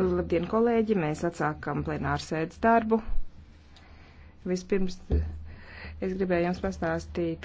Labdien, kolēģi! Mēs atsākam plenāru sēdes darbu. Vispirms es gribēju jums pastāstīt,